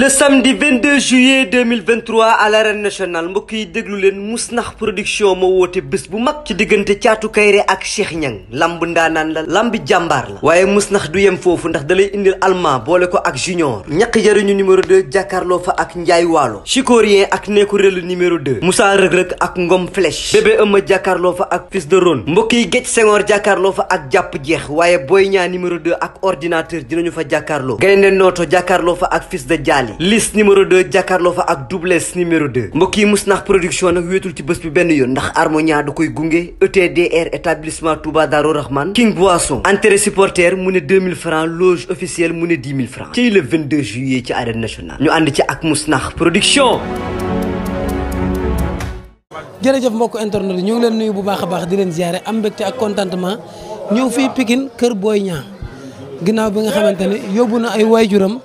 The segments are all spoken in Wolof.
le samedi 22 juillet 2023 à l'arène nationale mbokk yi déglu leen Mousnakh production moo woote bés bu mag ci diggante caatu Kairé ak Cheikh ñan lamb ndaanaan la lamb jàmbaar la waaye Mousnakh du yem foofu ndax dalay indil allemand boole ko ak junior ñaq jariñu numéro deux jàkkaarloo fa ak Njaay Waalo Chikorien ak nekku relu numéro 2 Moussa Rëg-Rëg ak Ngom Flèche bébé ëmma jàkkaarloo fa ak fils de rone mbokk yi Géej Senghor jàkkaarloo fa ak jàpp jeex waaye booy Niang numéro 2 ak ordinateur dinañu fa jàkkaarloo Gaynde Nooto jàkkaarloo fa ak fils de Diagne Saly liste numéro 2 jàkkaarloo fa ak doubles numéro 2 mbokk yi Mouss-Nakh production nag wéetul ci bés bi benn yoon ndax Harmonia da koy gunge ETDR établissement Touba Darou Rahman King Boisson entrée supporter mu ne 2000 francs loge officielle mu ne 10 000 francs ci le 22 juillet ci nationale ñu ànd ci ak mouss nax production jërëjëf mbokk internet ñu ngi leen nuyu bu baax a baax di leen ziare am mbégte ak contentement ñëw fii Pikine kër booy Niang ginnaaw bi nga xamante ne yóbbu na ay waajuram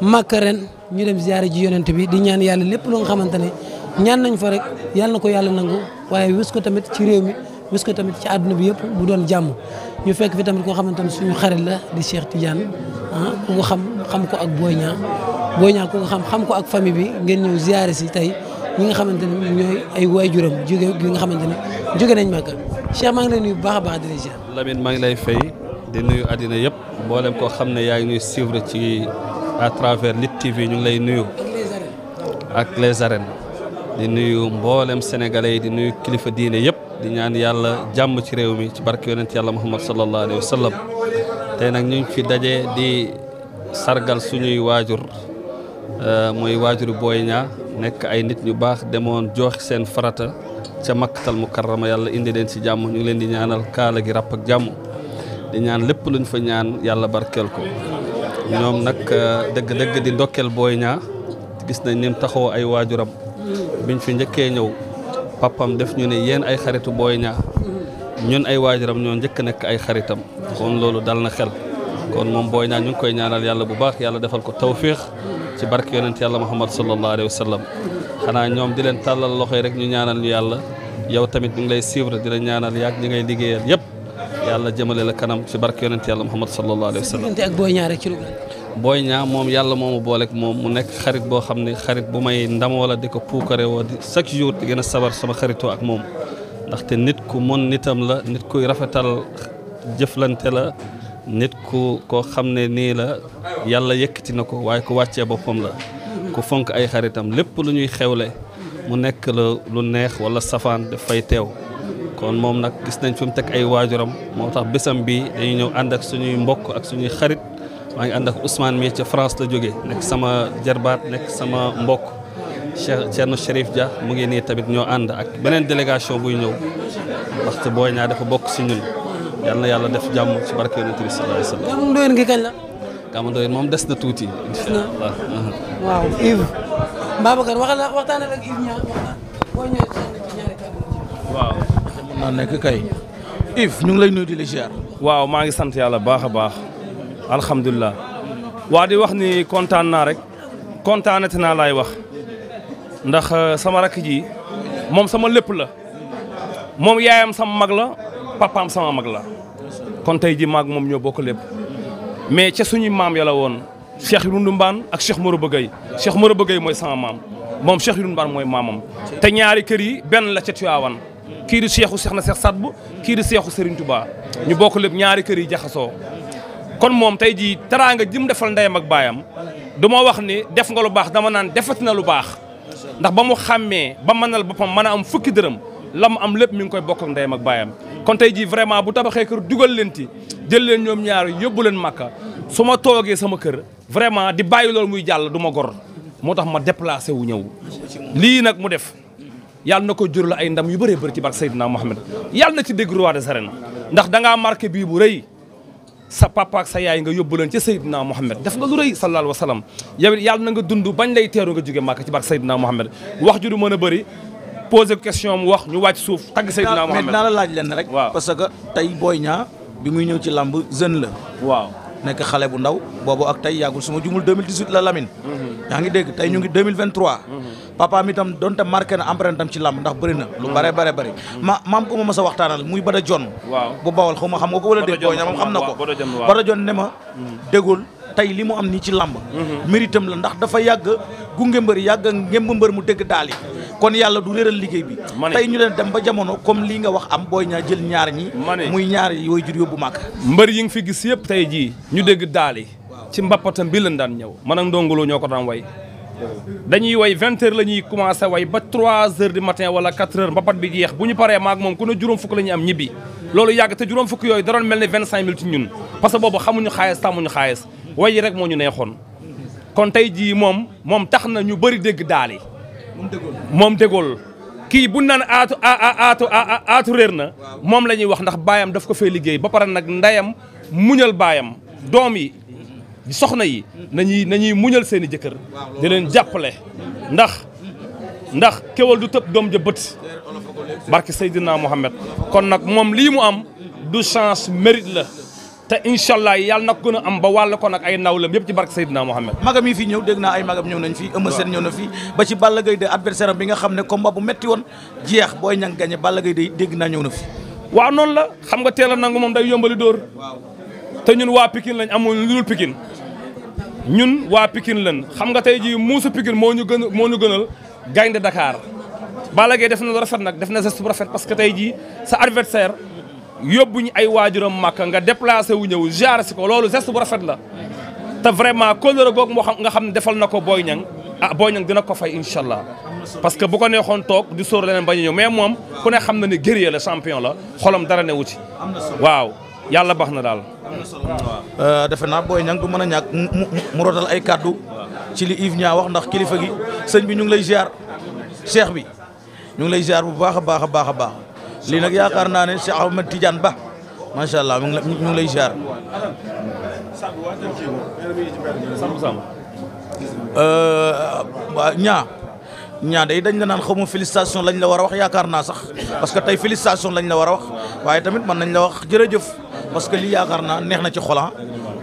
màkk ren ñu dem ziyaare ji yonent bi di ñaan yàlla lépp loo nga xamante ne ñaan nañ fa rek yàlla na ko yàlla nangu waaye wis ko tamit ci réew mi wis ko tamit ci àdduna bi yëpp bu doon jàmm ñu fekk fi tamit koo xamante ne suñu xarit la di Cheikh Tidiane ah ku xam xam ko ak booy ñaa Boy Niang ku ko xam xam ko ak famille bi ngeen ñëw ziyaare si tey ñi nga xamante ne ñooy ay waajuram jóge gi nga xamante ne jóge nañ màkk Cheikh maa ngi lay nuyu bu baax a baax di la ziyaar ngi lay fay di nuyu àddina yëpp mboolem koo xam ne yaa ngi ñuy suivre ci à travers Lutte TV ñu ngi lay nuyu. ak les arènes. di nuyu mboolem sénégalais yi di nuyu kilifa diine yëpp di ñaan yàlla jàmm ci réew mi ci barke yonent yàlla Muhammad sallallahu alayhi wa sallam tey nag ñu ngi fi daje di sargal suñuy waajur euh, mooy waajuru Boy Niang nekk ay nit ñu baax demoon jooxi seen farata ca makkatal mukarrama yàlla indi leen ci jàmm ñu ngi leen di ñaanal kaala gi ràpp ak jàmm di ñaan lépp luñ fa ñaan yàlla barkeel ko ñoom nag euh, dëgg dëgg di ndokkeel booy ñaa gis nañ ni mu taxaw ay waajuram biñ fi njëkkee ñëw papam def ñu ne yéen ay xaritu Boy ñaa ñun ay waajuram ñoo njëkk nekk ay xaritam kon loolu dal na xel kon moom Boy Niang ñu ngi koy ñaanal yàlla bu baax yàlla defal ko tawfiix ci barke yonent yàlla Muhammad sallallahu alayhi wa sallam xanaa ñoom di leen tàllal loxo yi rek ñu ñaanal ñu yàlla yow tamit ñu ngi lay suivre di la ñaanal yaag ñi ngay liggéeyal yëpp yàlla jëmale la kanam ci barke yonent yàlla Muhammad sallallahu alayhi wa sallam booy ñaa moom yàlla moo ma booleeg moom mu nekk xarit boo xam ne xarit bu may ndam la di ko puukare woo di chaque jour di gën a sabar sama xaritoo ak moom ndaxte nit ku mën nitam la nit kuy rafetal jëflante la nit ku koo xam ne nii la yàlla yëkkati na ko waaye ku wàccee boppam la ku fonk ay xaritam lépp lu ñuy xewle mu nekk la lu neex wala safaan dafay teew kon moom nag gis nañ fi mu teg ay waajuram moo tax bésam bi dañuy ñëw ànd ak suñuy mbokk ak maa ngi ànd ak Ousmane mi ca France la jógee nekk sama jarbaat nekk sama mbokk Cheikh Thierno Chérif Dia mu ngi nii tamit ñoo ànd ak beneen délégation buy ñëw waxte booy ñaa dafa bokk si ñun yal na yàlla def jàmm ci barke yonent bi sallallahu alayhi wa sallam. Gamou Ndoyeen gi kañ la. Gamou Ndoyeen moom des na tuuti. incha allah waaw Yves. Babacar wax na waxtaan ak Yves Niang waxtaan boo ñëwee ci ñaari kàddu. waaw. mën naa nekk kay. Yves ñu ngi lay nuyu di la ziar. waaw maa ngi sant yàlla baax a baax. alhamdulilah waa di wax ni kontaan naa rek kontaanati naa laay wax ndax euh, sama rakk ji moom sama lépp la moom yaayam sama mag la papaam sama mag la kon tey ji maag moom ñoo bokk lépp mais ca suñuy maam yàlla woon Cheikh Rundu Mbaan ak Cheikh Moro Bëggay Cheikh Moro Bëggay mooy sama maam moom Cheikh Rundu Mbaan mooy maamam te ñaari kër yi benn la ca Tiwaawan kii di Cheikhu Cheikh na Cheikh Sadbu kii di Cheikhu Serigne ñu bokk lépp ñaari kër yi jaxasoo kon moom tey jii teraanga ji mu defal ndeyam ak baayam du ma wax ni def nga lu baax dama naan defati na lu baax ndax ba mu xàmmee ba ma nal boppam mën a am fukki dërëm la mu am lépp mi ngi koy bokk ak ndeyam ak baayam kon tey jii vraiment bu tabaxee kër dugal leen ci jël leen ñoom ñaar yóbbu leen màkka su ma toogee sama kër vraiment di bàyyi loolu muy jàll du ma gor moo tax ma déplacé wu ñëw lii nag mu def yàlla na ko la ay ndam yu bare bëri ci barke Seydina Mohamed yàlla na ci dégg roi des arènes ndax dangaa marqué bu rëy sa papa ak sa yaay nga yóbbu leen ca Seydina Mohamed def nga lu rëy sallallahu alayhi wa na nga dund bañ lay teeru nga jóge Màkka ci barke Seydina Mohamed wax ju du mën a bëri posé question am wax ñu wàcc suuf tagg Seydina Mohamed mais dinaa la laaj leen rek. waaw parce que tey Boy Niang bi muy ñëw ci làmb jeune la waaw. nekk xale bu ndaw boobu ak tey yàggul su ma jumul 2018 la Lamine. Mhm. yaa ngi dégg tey ñu ngi 2023. Mhm. papa mi tam donte marqué na empreinte am ci làmb ndax bëri na. lu bare bare bëri. Mhm. ma maam ko ma mas a waxtaanal muy Bada John. waaw bu bawal xaw ma xam nga ko wala dégg. Bada John waaw na ko waaw Bada John ne ma déggul. tey li mu am nii ci làmb mhm. méritam la ndax dafa yàgg gunge mbër yàgg ngemb mbër mu dégg daal kon yàlla du réeral liggéey bi tey ñu leen dem ba jamono comme lii nga wax am booy ñaa jël ñaar ñi muy ñaar yi yooyu jur yóbbu màkk mbër yi nga fi gis yëpp tey jii ñu dégg daal ci mbappatam bi lañ daan ñëw man ak ndongolo ñoo ko daan way dañuy way vingt heures la ñuy commencé way ba trois heures du matin wala quatre heures mbapat bi jeex bu ñu paree maag moom ku ne juróom am ñibbi loolu way yi rek moo ñu neexoon kon tey jii moom moom tax na ñu bari dégg daal moom déggool kii bu naan aatu aatu aatu réer na moom la ñuy wax ndax baayam daf ko fee liggéey ba pare nag ndeyam muñal baayam doom yi soxna yi nañuy nañuy muñal seeni i jëkkër di jàppale ndax ndax kéwal du tëb doom ja bët barke Seydina kon nag moom lii mu am du chance mérite la te incha allah yàlla na ko am ba wàll ko nag ay nawlam yëpp ci barke Seydina Mohamed magam yi fii ñëw dégg naa ay magam ñëw nañ fii Eumeu Sène ñëw na fii ba ci Balla Gaye de adversaire am bi nga xam ne combat bu metti woon jeex booy ñang gagné Balla Gaye de dégg naa ñëw na fi waaw noonu la xam nga teel a nangu moom day yombali dóor te ñun waa Pikine lañ amul lu dul Pikine ñun waa pikin lañ xam nga tey ji muusu Pikine moo ñu gën moo ñu gënal gaynde Dakar Balla Gaye def na lu rafet nag def na geste bu rafet parce que tey ji sa yóbbu ñu ay waajuram màkk nga déplacé wu ñëw jaar si ko loolu geste bu rafet la te vraiment kóllëre googu moo xam nga xam ne defal na ko Boy Niang ah Boy Niang dina ko fay incha allah parce que bu ko neexoon toog di sóor leneen ba ñu ñëw mais moom ku ne xam na ne guerrier la champion la xolam dara ne wu ci waaw yàlla baax na daal. Euh, defe naa Boy Niang du mën a ñàkk mu rotal ay kàddu ci li Yves Niang wax ndax kilifa gi sëñ bi ñu ngi lay ziar cheikh bi ñu ngi lay ziar bu baax a baax a baax a baax. lii nag yaakaar naa ne si Cheikh Ahmed Tidiane Ba macha allah mu ngi lay ziar. waa euh, ñaa ñaa day dañ la naan xamu félicitation lañ la war a wax yaakaar naa sax parce que tey félicitation lañ la war a wax waaye tamit mën nañ la wax jërëjëf parce que lii yaakaar naa neex na ci xolan ah.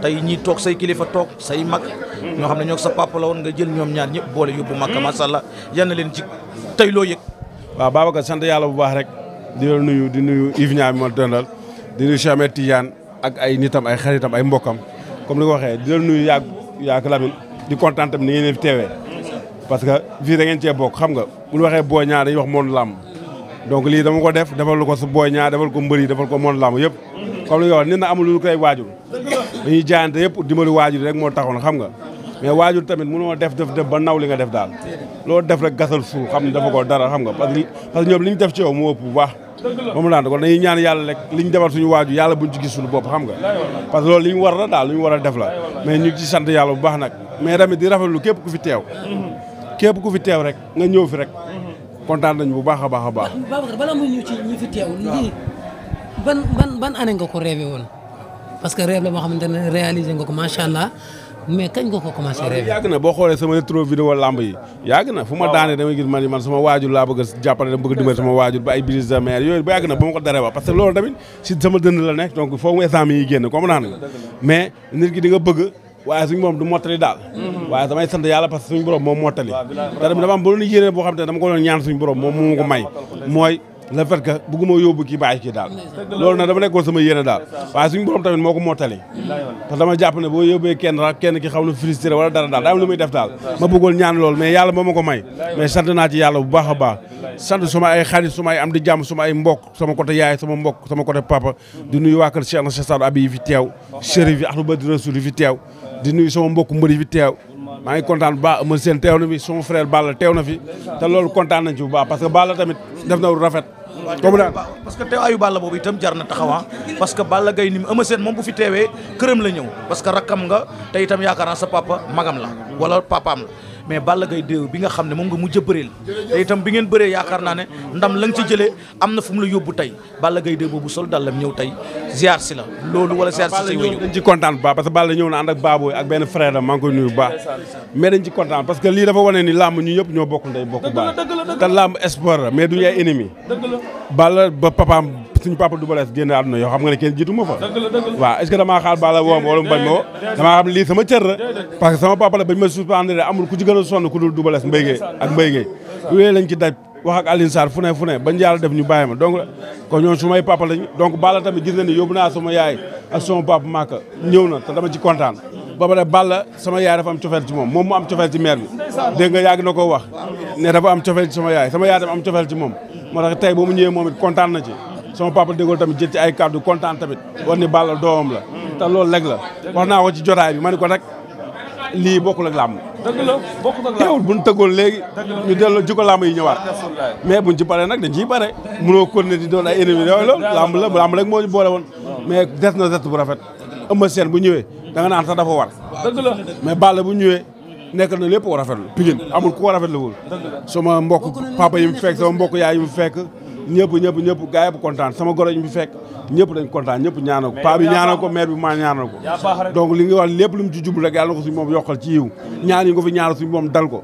tey ñii toog say kilifa toog say mag ñoo xam ne ñoo sa papa woon nga jël ñoom ñaar ñëpp boole yóbbu Makka macha allah yal na leen ci tey loo yëg. waaw Babacar sant yàlla bu baax rek. di la nuyu di nuyu Yves Niang bi ma dëndal di nuyu Cheikh Ahmed Tidiane ak ay nitam ay xaritam ay mbokkam comme li ko waxee di nuyu yaag yaag Lamine di kontaan tam ni ngeen fi teewee parce que fii da ngeen cee bokk xam nga bu ñu waxee Boy Niang dañuy wax monde làmb donc lii dama ko def defal ko su Boy Niang defal ko mbëri defal ko moon monde làmb yëpp comme li nga wax nit na amul lu koy waajur dañuy jaayante yëpp dimbali waajur rek moo taxoon xam nga mais waajur tamit mënoo def def def ba naw li nga def daal loolu def rek gasal suuf xam ne dafa dara xam nga parce que parce que li ñu def ci moo ëpp baax moom laan kon dañuy ñaan yàlla rek li ñu defal suñu waaju yàlla buñ ci gis suñu bopp xam nga parce que loolu li ñu war la daal lu ñu war a def la mais ñu ngi ci sant yàlla bu baax nag mais tamit di rafetlu képp ku fi teew mhm. képp ku fi teew rek nga ñëw fi rek mhm. kontaan nañu bu baax a baax a baax Babacar balaa muy ñëw ci ñi fi teew lii ban ban ban nga ko rêvé woon parce que rêve la boo xamante ne réalisé nga ko macha allah mais kañ nga boo xoolee sama rétro vidéo lamb yi yàgg na fu ma daanee damay gis man man sama waajur laa bëgg a jàppale waajur ba ay brise de mer yooyu ba yàgg na ba ma ko dara wax parce que loolu tamit si sama dënd la nekk donc foofu instant mi yi génn comme naan nga mais nit ki di bëgg waaye suñu borom du mottali daal mhm. waaye damay sant yàlla parce que suñu borom moom mottali te tamit dama am ba loon yéene boo xam te dama ko doon ñaan suñu borom moom moo ma ko may mooy le fait que bëgguma yóbbu kii bàyyi kii daal loolu nag dama nekkoon sama yéene daal waaye suñu borom tamit moo ko mottali ne boo yóbbee kenn kenn ki xaw na frustré wala dara daa am lu muy def daal ma bëggoon moo ma ko may mais sant bu baax a baax sant suma ay xarit suma ay am di jàmm suma ay mbokk sama côté yaay sama mbokk sama côté papa di nuyu waa kër Cheikh na Cheikh Sadou Abi yi fi teew chérif yi teew di ngi kontaan bu baax ma seen teew teew na fi te loolu kontaan nañ ci que Balla tamit def na lu rafet doomu daan parce que teewaayu Balla boobu itam jar na taxawa ah. parce que Balla Gaye ni mu Eumeu Sène moom bu fi teewee këram la ñëw parce que rakkam nga te itam yaakaar sa papa magam la wala papaam la mais Balla gay 2 bi nga xam ne moom nga mujj a bëreel te itam bi ngeen bëree yaakaar naa ne ndam la nga ci jëlee am na fu mu la yóbbu tey Balla Gaye 2 boobu sol dàllam ñëw tey ziar si la loolu wala ziar si say wéñu dañ ci kontaan baax parce que Balla ñëw na ànd ak baabooy ak benn frère am maa koy nuyu baax mais dañ ci kontaan parce que lii dafa wane ni làmb ñu ñëpp ñoo bokk ndey bokk baay te làmb espoir la mais du yaay ennemi Balla ba papaam suñu papa Double Less génn àdduna yoo xam nga ne kenn jiitu fa waaw est ce xaar Balla woo ma wala bañ ma woo damaa xam lii sama cër la parce sama papa la bañ ma suspendre amul ku ci a sonn ku dul Double Less Mbaye Gueye ak Mbaye Gueye yooyu lañ ci daj wax ak Alioune Sarr fu ne fu ne bañ def ñu bàyyi ma donc kon ñoom su may papa lañ Balla tamit gis na ni yóbbu naa sama yaay ak sama papa Maka ñëw na te dama ci kontaan ba pare Balla sama yaay dafa am cofeel ci moom moom mu am cofeel ci mère bi dégg nga yàgg na koo wax ne dafa sama papa déggoo tamit jël ci ay kàddu kontaan tamit war ni Balla doomam la te loolu leg la wax naa ko ci jotaay bi ma ne ko rek lii bokkul ak làmb dëgg la bokkul ñu tëggoon léegi ñu delloo jikko làmb yi ñëwaat mais buñ ji paree nag dañ ciy pare mënoo continuer di doon ay ennemis yooyu loolu làmb la làmb rek moo ñu boole woon mais des na set bu rafet Eumeu Sène bu ñëwee da naan sax dafa war dëgg la mais Balla bu ñëwee nekk na lépp ko rafetlu Pikine amul ko rafetlu sama mbokk papa yi mu fekk mbokk yaay yi ñëpp ñëpp ñëpp gaa yëpp kontaan sama goro ñu fi fekk ñëpp dañ kontaan ñëpp ñaanal ko paa bi ñaanal ko maire bi maa ñaanal ko donc li nga wax lépp lu mu ci jublu rek yàlla na ko suñu moom yokkal ci yiw ñaan yi nga fi ñaanal moom dal ko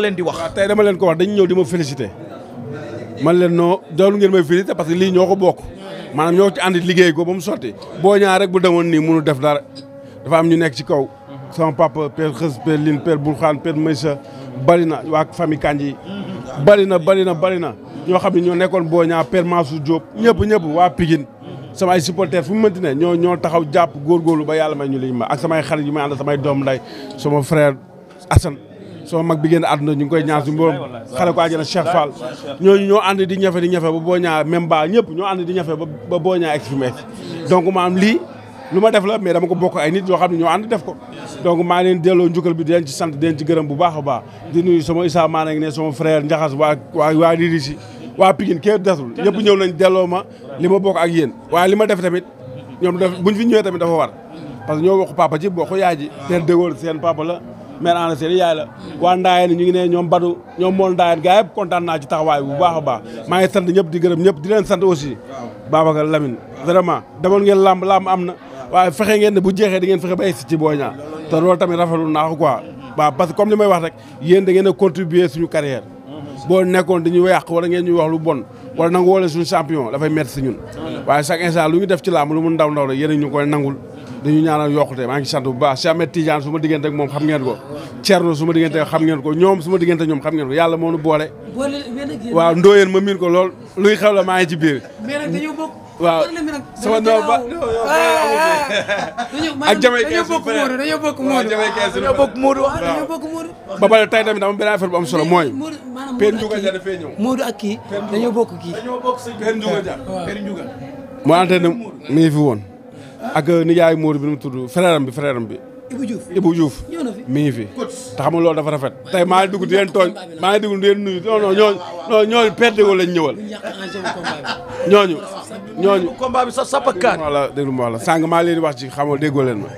loo leen di tey dama leen ko wax dañu ñëw di ma félicité man leen noo doolu ngeen may félicité parce que lii ñoo ko bokk maanaam ñoo ci àndi liggéey ko ba mu sotti boo ñaar rek bu demoon nii munu def dara dafa am ñu nekk ci kaw. sama papa père Xës père Lin père Bourxane père Maysa bari na waa famille Kandji bari na bari na bari na ñoo xam ne ñoo nekkoon boo ñaa père Mansour Diop ñëpp ñëpp waa Pikine sama ay supporters fu mu mënti ne ñoo ñoo taxaw jàpp góorgóorlu ba yàlla may ñu liñ ma ak samay xarit yu may samay doom nday sama frère Assane soo mag bi génn àdduna ñu ngi koy ñaan suñu borom ko àjjana Cheikh Fall ñooñu ñoo ànd di ñafe di ñafe ba boo ñaa même ba ñoo ànd di ñafe ba boo ñaa exprimé donc maam lii lu ma def la mais dama ko bokk ay nit yoo xam ne ñoo ànd def ko donc maa leen delloo njukkal bi di leen ci sant di leen gërëm bu baax a baax di nuyu sama Issa maa ngi ne sama frère Njaxas waa waa waa Lirisi waa Pikine kenn desul ñëpp ñëw nañ delloo ma li ma bokk ak yéen waaye li ma def tamit ñoom def buñ fi ñëwee tamit dafa war parce que ñoo bokk papa ci bokk yaay ji la maire ana seen yaay la waa ndaayeen ñu ngi ne ñoom badu ñoom mool ndaayeen gaa yëpp kontaan naa ci taxawaay bu baax a baax maa ngi sant ñëpp di gërëm ñëpp di leen sant aussi Babacar Lamine vraiment demoon ngeen làmb làmb am na waaye fexe ngeen ne bu jeexee di ngeen fexe ba egsi ci Boy Niang te loolu tamit rafetlu naa ko quoi waaw parce que li may wax rek yéen da ngeen a contribuer suñu carrière boo nekkoon dañuy yàq wala ngeen ñuy wax lu bon wala nangu wala suñu champion dafay métti ñun waaye chaque instant lu ñu def ci làmb lu mu ndaw ndaw rek dañu ñaana yokkute maa ngi sant bu baax Cheikh Ahmed Tidiane su ma diggante ak moom xam ngeen ko Thierno su ma diggante xam ngeen ko ñoom su ma diggante ñoom xam ngeen ko yàlla moo nu boole waaw ndooyeen ma miin ko lool luy xew la maa ngi ci biir waaw sama ndaw ba ak jamay kees bu bëre dañoo bokk ah, ah, ah. Moodu dañoo bokk Moodu dañoo ba pare tey tamit dama benn affaire bu am solo mooy Père Ndiouga Dia dafee ñëw Moodu ak kii dañoo bokk kii dañoo bokk Père ante ne mi ngi fi woon ak nijaay Modou bi nu mu tudd frère am bi frère bi. Ibou mi ngi fi. te xam loolu dafa rafet. tey maa ngi dugg di leen tooñ maa ngi dugg di leen nuyu non non ñooñu non ñooñu perte wu lañ ñëwal. ñooñu. ñooñu combat bi sax sàpp ak kaan. voilà déglu ma wala sàng maa leen di wax ci xam nga déggoo leen ma.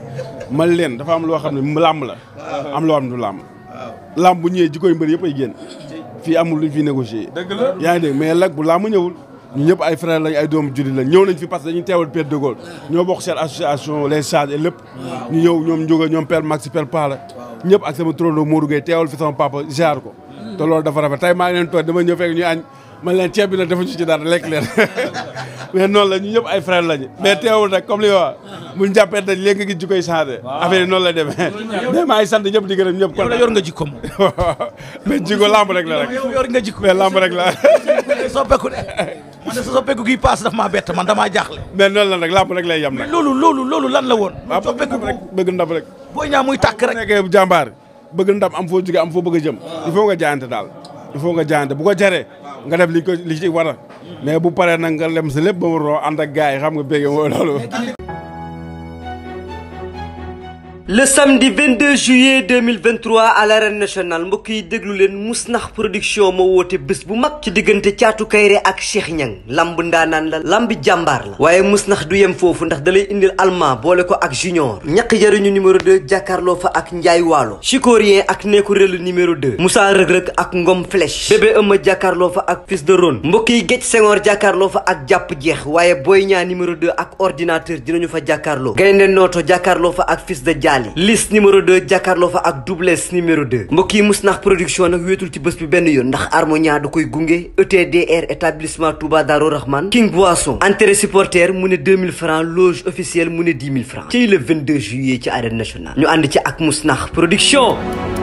man leen dafa am loo xam ne làmb la. am loo xam ne du bu ñëwee ji mbër yëpp ay génn. fii amul luñ fi négocier. dëgg la ñëwul. ñu ñëpp ay frères lañ ay doomu jullit lañ ñëw nañ fi parce ñu dañuy teewal Père de Gaulle ñoo bokk seen association les sages et lépp ñu ñëw ñoom njóga ñoom Père Maxi Père Pala ñëpp ak sama turandoo Modou Gueye teewal fi sama papa ziar ko te loolu dafa rafet tey maa ngi leen toog dama ñëw fekk ñu añ la ñu ñëpp ay frères lañu mais teewul nag comme li wax buñ jàppee dañ léegi nga gis jikkoy changé affaire yi la demee mais maa ngi sant ñëpp di gërëm ñëpp kon yor nga jikkoom mais jikko lamb rek la rek la day soppeeku de man de sa soppeeku gi paas daf maa bett man damaa jaaxle. mais loolu lan rek làmb rek lay yam na loolu loolu loolu lan la woon. waaw bëgg rek bëgg ndam rek. booy ñaa muy tàkk rek bu jàmbaar bëgg ndab am foo juge am foo bëgg a jëm. il faut nga jaayante daal il faut nga jaayante bu ko jaree nga def li ko li ci war a mais bu paree nag nga lem si lépp ba mu roo ànd ak gars yi xam nga béykat yi loolu. le samedi 22 juillet 2023 à l'arène nationale mbokk yi déglu leen Mousnakh production ma woote bés bu mag ci diggante caatu Kairé ak Cheikh Niang lamb ndaanaan la lambi jàmbaar la waaye Mousnakh du yem foofu ndax dalay indil allemand boole ko ak junior ñaq jariñu numéro 2 jàkkaarloo fa ak Njaay Waalo Chikorien ak Nekurelu numéro 2 Moussa Rëg-Rëg ak Ngom Flèche bébé Eumeu jàkkaarloo fa ak Fils de Rone mbokk yi Géej Senghor jàkkaarloo fa ak jàpp jeex waaye Boy Niang numéro 2 ak ordinateur dinañu fa jàkkaarloo Gaynde Nooto jàkkaarloo fa ak Fils de Saly liste numéro 2 jàkkaarloo fa ak doubles numéro 2 mbokk yi Mouss-Nakh production nag wéetul ci bés bi benn yoon ndax Harmonia da koy gunge ETDR établissement Touba Darou Rahman King Boisson entrée supporter mu ne 2000 francs loge officielle mu ne 10 000 francs ci le 22 juillet ci arène national ñu ànd ci ak Mouss-Nakh production